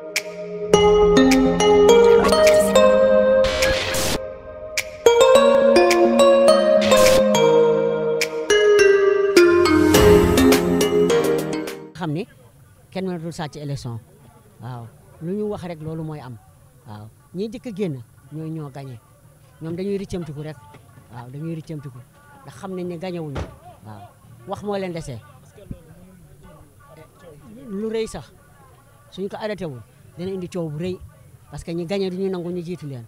xam ni kenn du sàcc élection waaw lu ñu wax rek loolu mooy am waaw ñi jëkk a génn ñooy ñoo gañe ñoom dañuy rëccamtiku rek waaw dañuy rëccamtiku ndax xam nañ ni gañewuñu waaw wax moo leen desee lu rëy sax suñ ko arrêté wul dina indi coow bu rëy parce que ñi di ñuy nangu ñu jiitu leen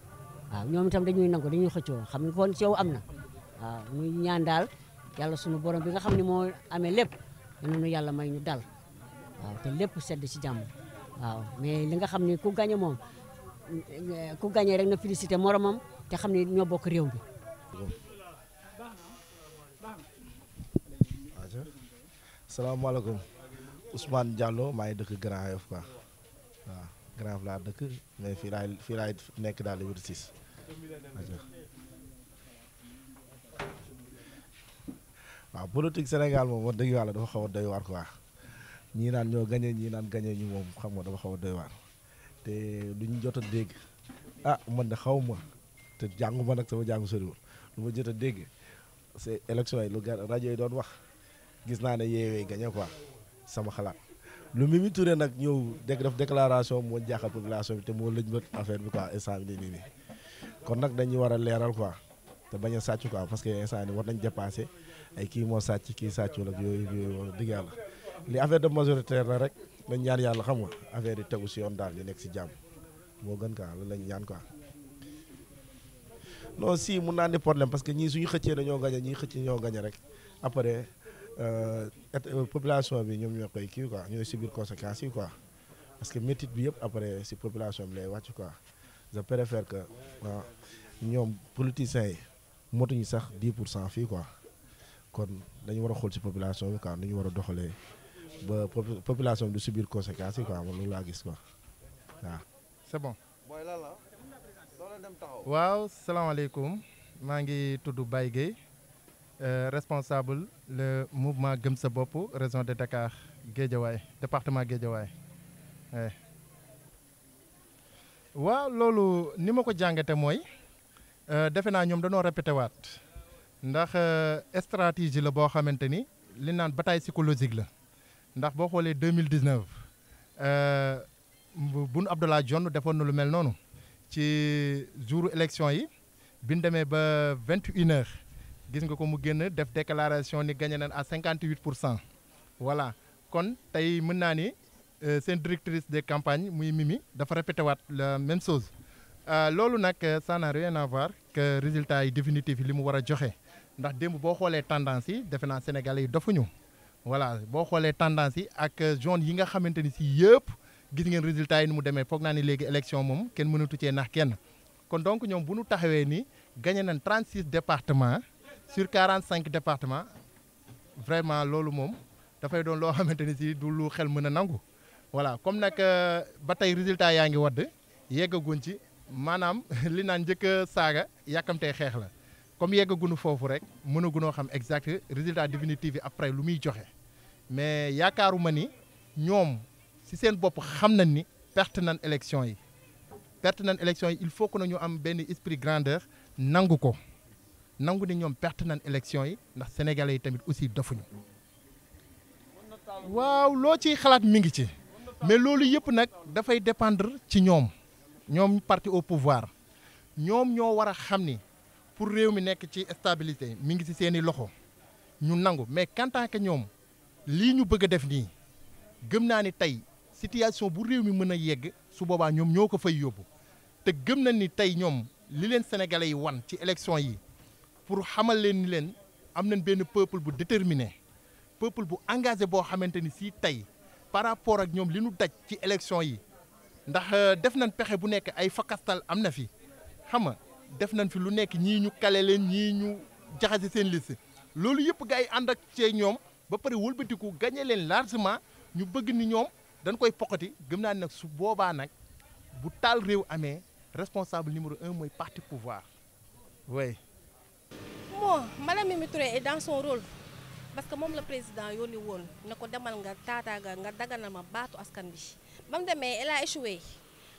waaw ñoom itam dañuy nangu dañuy xëccoo xam nga kon coow am na waaw muy ñaan daal yàlla sunu borom bi nga xam ne moo amee lépp ñu yàlla may ñu dal waaw te lépp sedd ci jàmm waaw mais li nga xam ni ku gagné moom ku gagné rek na félicité moromam te xam ne ñoo bokk réew bi salaamaaleykum Ousmane Diallo maa ngi dëkk Grand Yoff quoi waaw Grand Yoff laa dëkk mais fii laay fii laay nekk daal Liberté 6 waaw politique Sénégal moom wax dëgg yàlla dafa xaw a doy waar quoi ñii naan ñoo gañe ñii naan gañe ñu moom xam nga dafa xaw a doy waar te lu ñu jot a dégg ah man de xaw ma te jàngu ma nag sama jàngu soriwul lu ma jot a dégg c'est élection yi lu rajo yi doon wax gis naa ne yeewee gañe quoi sama xalaat lu Mimi Touré nag ñëw dégg def déclaration moo jaaxal population bi te moo lëj bët affaire bi quoi instant bi nii nii kon nag dañuy war a leeral quoi te bañ a sàcc quoi parce que instant ni war nañ dépassé ay kii moo sàcc kii sàccul ak yooyu yooyu dëgg la li affaire de majoritaire la rek dañ ñaan yàlla xam nga affaire yi tegu si yoon daal ñu nekk si jàmm moo gën quoi loolu lañ ñaan quoi non si mun naa ni problème parce que ñii suñu xëccee dañoo gañe ñii xëcc ñoo gañe rek Euh, euh, population bi ñoom ñoo koy kii quoi ñooy subir conséquences yi quoi parce que métit bi yëpp après si population bi lay wàcc quoi je préfère que waaw ah, ñoom politiciens yi motuñu sax 10 pour cent fii quoi kon dañu war a xool si population bi quoi nu ñu war a doxalee ba population bi du subir conséquences yi quoi man loolu laa gis quoi waaw. c'est bon. waaw salaamaaleykum maa ngi tudd Baye Gueye Euh, responsable le mouvement Gëm sa bopp région de Dakar Guédiawaye département Guédiawaye waaw loolu ni ma ko jàngate mooy euh, defe naa ñoom dañoo répété waat ndax euh, stratégie la boo xamante ni li naan bataille psychologique la ndax boo xoolee deux mille dix neuf Boun Abdallah Dionne defoon na lu mel noonu ci jour élection yi bi demee ba vingt une gis nga ko mu génn def déclaration ni gañe nañ à cinquante huit pour voilà kon tey mën naa ni euh, seen directrice de campagne muy Mimi dafa répété waat la même chose euh, loolu nag euh, ça n'a rien à résultat yi définitif yi li mu war a joxe ndax démb boo xoolee tendance yi defe naa sénégal yi dofuñu voilà boo xoolee tendance yi ak zone yi nga xamante ni si yëpp gis ngeen résultat yi ni mu demee foog naa ni léegi élection moom kenn mënatu cee nax kenn kon donc ñoom bu nu taxawee ni gagné nañ 36 départements sur cinq départements vraiment loolu moom dafay doon loo xamante ni si du lu xel mën a nangu voilà comme nag euh, ba tey résultat yaa ngi wadd yeggaguñ ci maanaam li naan njëkk a saaga yàkkamtee xeex la comme yeggagunu foofu rek mënagunoo xam exact résultat définitif yi après lu muy joxe mais yaakaaruma ni ñoom si seen bopp xam nañ ni perte nañ élection yi perte nañ élection yi il faut que nañu am benn esprit grandeur nangu ko nangu ni ñoom perte nan élection yi ndax sénégale yi tamit aussi dofuñu waaw loo ciy xalaat mi ngi ci mais loolu yëpp nag dafay dépendre ci ñoom ñoom parti au pouvoir ñoom ñoo war a xam ni pour réew mi nekk ci stabilité mi ngi ci seeni loxo ñu nangu mais quant que ñoom lii ñu bëgg a def nii gëm naa ni tey situation bu réew mi mën a yegg su boobaa ñoom ñoo ko fay yóbbu te gëm na ni tey ñoom li leen sénégalais yi wan ci élection yi pour xamal leen ni leen am nañ benn peuple bu déterminé peuple bu engagé boo xamante ni sii tey par rapport ak ñoom li ñu daj ci élection yi ndax euh, def nañ pexe bu nekk ay fakastal am na fi xam nga def nañ fi lu nekk ñii ñu kale leen ñii ñu jaxase seen liste loolu yëpp gars yi ànd ak cee ñoom ba pare wëlbatiku gañe leen largement ñu bëgg ni ñoom dañ koy poqati gëm naa ni nag su boobaa nag bu taal réew amee responsable numéro un mooy parti pouvoir oui moom Malam Mimi Touré est dans son rôle parce moom la président yónni woon ne ko demal nga taataaga nga daganal ma baatu askan bi ba mu demee elle a échoué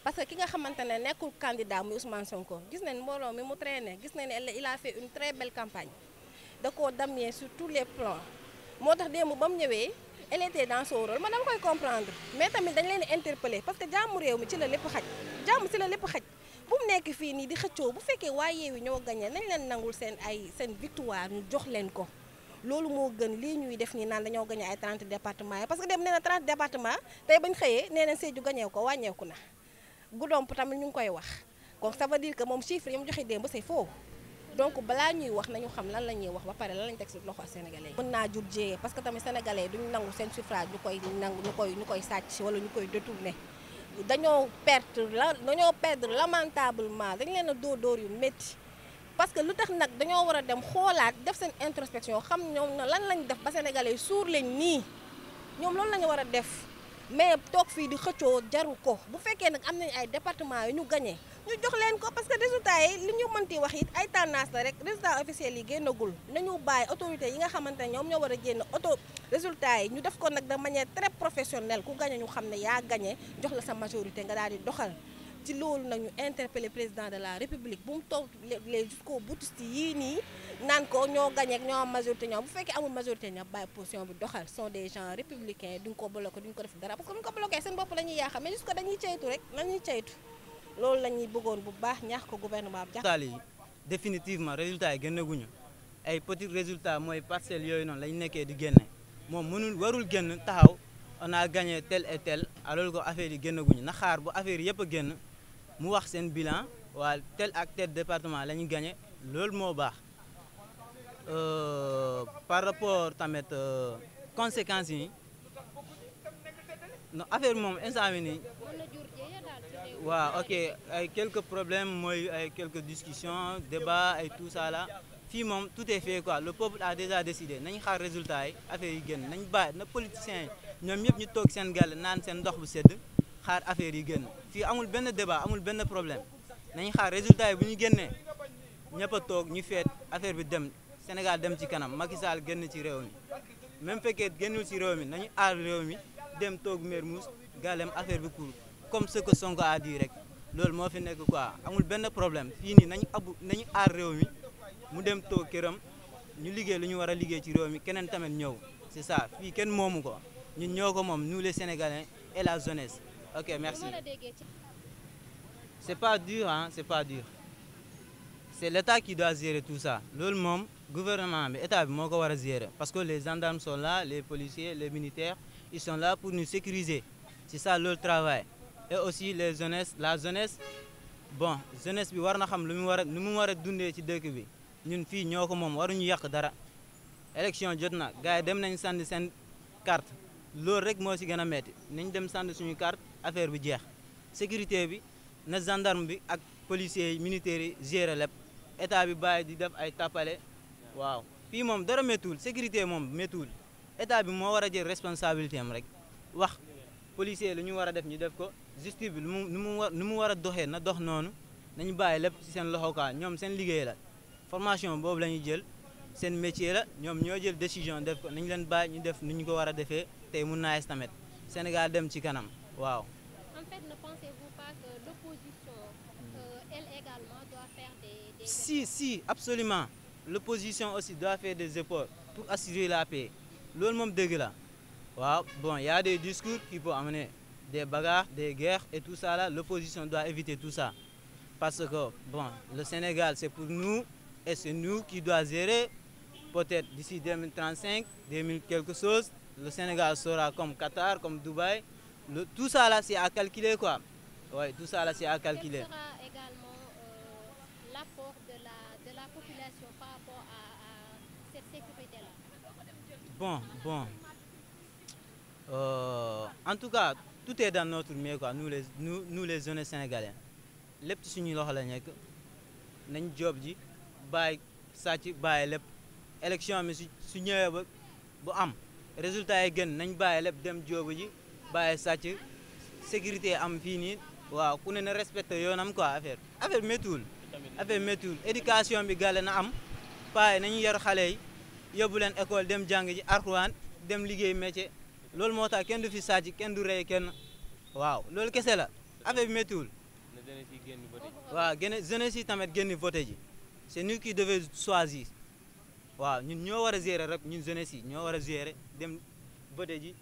parce que ki nga xamante ne nekkul candidat muy Ousmane Sonko gis nañ mbooloo mi mu traîné gis nañ ne il a fait une très belle campagne da koo les plans moo tax démb ba mu ñëwee elle était dans son rôle man dama koy comprendre mais tamit dañ leen interpeller parce que jàmm réew mi ci la lépp xaj jàmm ci la lépp xaj bu mu nekk fii nii di xëccoo bu fekkee waa Yewwi ñoo gañe nañ leen nangul seen ay seen victoire ñu jox leen ko loolu moo gën lii ñuy def nii naan dañoo gañe ay 30 département parce que dem nee na département tey bañ xëyee nee na Sédhiou gañee ko wàññeeku na Goudomp tamit ñu ngi koy wax kon ça veut dire moom chiffre yi mu joxe démb c'est faux donc balaa ñuy wax nañu xam lan la ñuy wax ba pare lan lañ teg si loxo sénégalais yi mën naa jur jéyee parce que tamit sénégalais duñu seen suffrage ñu koy nangu ñu ñu koy sàcc wala ñu koy détourné dañoo perte la dañoo perdre lamentablement dañ leen a dóor dóor yu métti parce que lu tax nag dañoo war a dem xoolaat def seen introspection xam ñoom na lan lañ def ba sénégalais suur lañ nii ñoom loolu la ñu war a def mais toog fii di xëccoo jaru ko bu fekkee nag am nañ ay département yu ñu gañee ñu jox leen ko parce que résultat yi li ñu mënti wax it ay tendance la rek résultat officiel yi génnagul nañu bàyyi autorité yi nga xamante ne ñoom ñoo war a génn auto résultat yi ñu def ko nag de manière très professionnelle ku gañe ñu xam ne yaa gañe jox la sa majorité nga daal di doxal ci loolu nag ñu interpellé président de la république bu mu toog les jusqu'au boutiste yii nii naan ko ñoo gañe ak ñoo am majorité ñoom bu fekkee amul majorité ñoom bàyyi position loolu la bëggoon bu baax ñaax ko gouvernement bi. daal yi définitivement résultat yi génneguñu ay petit résultat mooy parcelles yooyu noonu lañ nekkee di génne moom mënul warul génn taxaw on a gagné tel et tel alors que affaire yi génneguñu na xaar bu affaire yëpp a génn mu wax seen bilan waa tel ak tel département la ñu gagné loolu moo baax euh, par rapport tamit euh, conséquences yi non affaire moom instant nii waaw ok ay quelques problème mooy ay quelques discussions débats et tout ça là fii moom tout est fait quoi le peuple a déjà décidé nañ xaar résultat yi affaire yi génn nañ bàyyi na politiciens yi ñoom ñëpp ñu toog seen gàll naan seen ndox bu sedd xaar affaire yi génn fii amul benn débat amul benn problème nañ xaar résultat yi bu ñu génnee ñëpp a toog ñu feet affaire bi dem Sénégal dem ci kanam Macky Sall génn ci réew mi même fekkee génnul ci réew mi nañu aar réew mi dem toog Mermoz gàllem affaire bi cool comme ce que Sonko a dit rek loolu moo fi nekk quoi amul benn problème fii nii nañu abu nañu aar réew mi mu dem toog këram ñu liggéey lu ñu war a liggéey ci réew mi keneen tamit ñëw c'est ça fii kenn moomu ko ñun ñoo ko moom nous les Sénégalais et la jeunesse ok merci c'est pas dur ah c'est pas dur c'est l'état qui doit gérer tout ça lool moom gouvernement bi état bi moo ko war a gérer parce que les gendarmes sont les policier les militaires ils sont pour nous sécuriser c'est ça leur et aussi les jeunesse la jeunesse bon jeunesse bi war na xam lu mu war a mu war a dundee ci dëkk bi ñun fii ñoo ko moom waruñu yàq dara élection jot na gars yi dem nañ sànni seen carte loolu rek moo si gën a nañ dem sànni suñu carte affaire bi jeex sécurité bi na gendarme bi ak policiers yi militaires yi gérer lépp état bi bàyyi di def ay tappale waaw fii moom dara méttuwul sécurité moom méttuwul état bi moo war a jël responsabilité am rek wax policier lu ñu war a def ñu justice bi nu mu nu mu war mu war a doxee na dox noonu nañu bàyyi lépp ci seen loxo quoi ñoom seen liggéey la formation boobu la jël seen métier la ñoom ñoo jël décision def ko nañu leen baay ñu def ni ñu ko war a defee tey mun naa tamit Sénégal dem ci kanam waaw. en fait ne pensez-vous euh, si si absolument l'opposition aussi doit faire des efforts pour assurer la paix loolu moom dëgg la waaw bon y de des discours qui peuvent amener. des bagarres, des guerres et tout ça là, l'opposition doit éviter tout ça. Parce que le Sénégal c'est pour nous et c'est nous qui doit gérer peut-être d'ici 2035, 2000 quelque chose, le Sénégal sera comme Qatar, comme Dubaï. tout ça là c'est à calculer quoi. Ouais, tout ça là c'est à calculer. Bon, bon. Euh, en tout cas, tout est dans notre main quoi nous les nous nous les jeunes sénégalais lépp ci suñu loxo la nekk nañ joob ji bàyyi sàcc bàyyi lépp élection bi su su ñëwee ba bu am resultat yi gën nañ bàyyi lépp dem joobu ji bàyyi sàcc sécurité am fii nii waaw ku ne na respecté yoonam quoi affaire affaire méttiwul affaire méttiwul éducation bi gàlle na am paa yi nañu yar xale yi yóbbu leen école dem jàng ji artuwaan dem liggéey métier loolu moo tax kenn du fi sàcc kenn du rey kenn waaw loolu kese la affaire bi méttiwul waaw génne jeunesse yi tamit génn voté ji c'est nous qui devons choisir waaw ñun ñoo war a gérer rek ñun jeunesse si ñoo war a gérer dem voté ji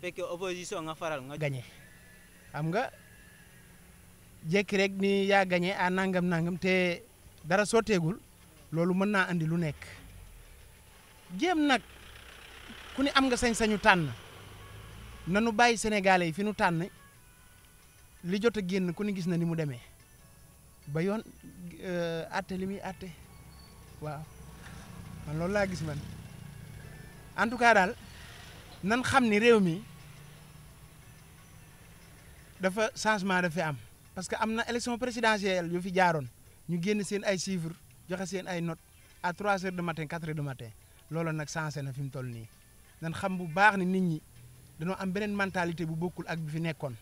fekke opposition nga faral nga gañe xam nga jekki rek mi yaa gañe à nangam nangam te dara sotteegul loolu mën naa andi lu nekk jéem nag ku ni am nga sañ-sañu tànn nanu bàyyi sénégalais yi fi nu tànn li jot a génn ku ne gis na ni mu demee ba yoon atte euh, li muy atte waaw man loolu laa gis man en tout cas daal nan xam ni réew mi dafa changement dafa am parce que am na élection présidentielle yoo fi jaaroon ñu génn seen ay chiffres joxe seen ay not à 3 heures du matin 4 heures du matin loolu nag changé na fi mu toll nii nan xam bu baax ni nit ñi. dañoo am beneen mentalité bu bokkul ak bi fi nekkoon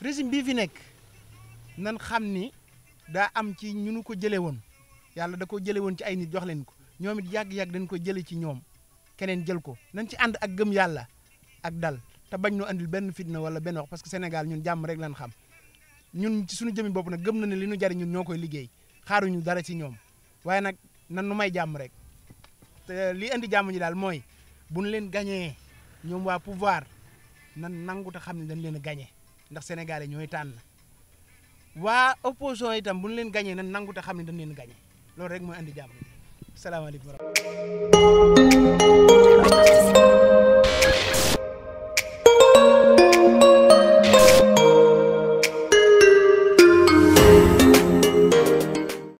régime bii fi nekk nan xam ni daa am ci ñu nu ko jëlee woon yàlla da ko jëlee woon ci ay nit jox leen ko ñoom it yàgg-yàgg dañ ko jëlee ci ñoom keneen jël ko nañ ci ànd ak gëm yàlla ak dal te bañ noo andil benn fitna wala benn wax parce que Sénégal ñun jàmm rek lan xam ñun ci suñu jëmi bopp nag gëm na ne li ñu jariñ ñoo koy liggéey xaaruñu dara ci ñoom waaye nag nan nu may jàmm rek te lii indi jàmm ñi daal mooy buñ leen gañee ñoom waa pouvoir nan nangu te xam ne dañ leen a gagné ndax sénégalais ñooy tànn waa opposition itam bu ñu leen gañee nan nangu te xam ne dañ leen a loolu rek mooy andi jàmm salaamaaleykum wa rahmatulah